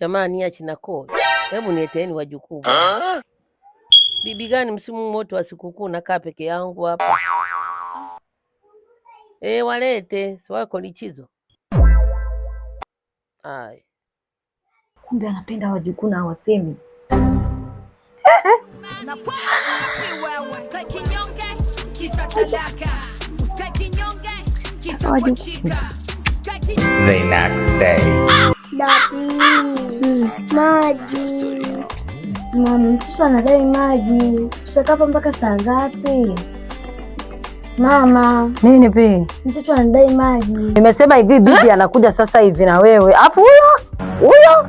Jamani, achina hebu nieteeni wajukuu. Ah? Bibi gani msimu moto wa sikukuu nakaa peke yangu hapa? E, walete siwako lichizo. Ay, kumbe anapenda wajukuu na wasemi The next day maji. mtoto anadai maji. Tutakapa mpaka saa ngapi? Mama nini pi, mtoto anadai maji. Nimesema hivi bibi anakuja sasa hivi na wewe, alafu huyo huyo Huyo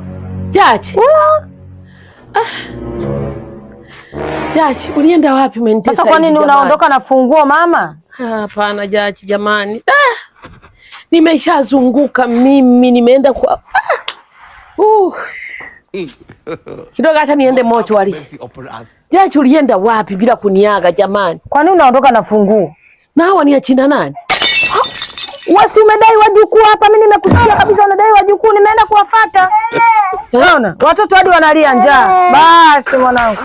Jaji, ah. ulienda wapi umenitesa? Sasa kwa nini unaondoka na funguo mama? Hapana Jaji, jamani ah, nimeshazunguka mimi, nimeenda kwa ah, uh kidogo hata niende mochwari. Je, ulienda wapi bila kuniaga jamani? Kwani unaondoka na funguo? Na hawa ni achina nani? Wasi umedai wajukuu hapa, mimi nimekusikia kabisa unadai wajukuu, nimeenda kuwafuata. Eh. Unaona? Watoto hadi wanalia njaa. Eh. Basi mwanangu.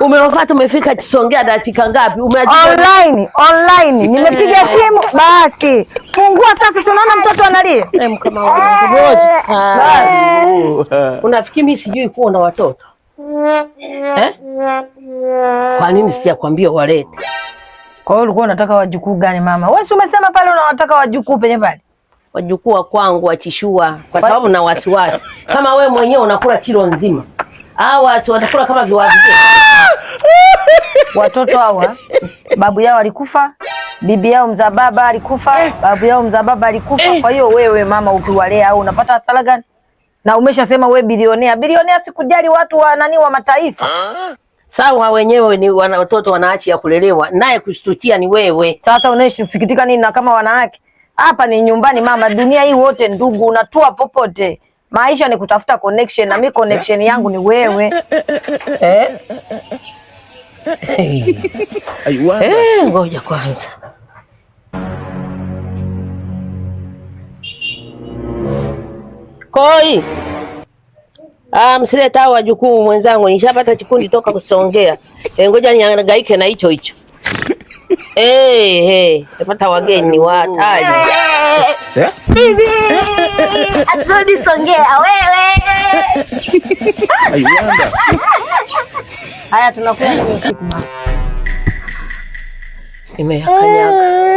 Umeofata umefika Chisongea dakika ngapi? Online, online. Nimepiga eh. simu basi. Fungua sasa, si unaona mtoto analia. Eh, eh. ah. Unafikiri mimi sijui kuwa na watoto? Eh? Kwa nini sijakwambia walete? Kwa hiyo ulikuwa unataka wajukuu gani mama? Wewe si umesema pale unawataka wajukuu penye pale? Wajukuu wa kwangu wachishua kwa sababu na wasiwasi. Kama we mwenyewe unakula kilo nzima. Hawa watakula kama viwazi watoto hawa babu yao alikufa, bibi yao mzaa baba alikufa, eh. babu yao mzaa baba alikufa. Eh. Kwa hiyo wewe mama, ukiwalea au unapata hasara gani? Na umeshasema we bilionea, bilionea sikujali watu wa nani wa mataifa ah. sawa, wenyewe ni watoto wanaachi ya kulelewa, naye kushtukia ni wewe. Sasa unasikitika nini? Na kama wanawake hapa ni nyumbani mama, dunia hii wote ndugu, unatua popote maisha ni kutafuta connection, na mi connection yangu ni wewe eh? Eh, ngoja kwanza. Koi, ah, msileta hao wajukuu mwenzangu, nishapata chikundi toka kusongea. Eh, ngoja nihangaike na hicho hicho. Hey, eh, hey. Napata wageni wataji. Aturudi Songea wewe. Haya, tunakula usiku. Imeakanyaga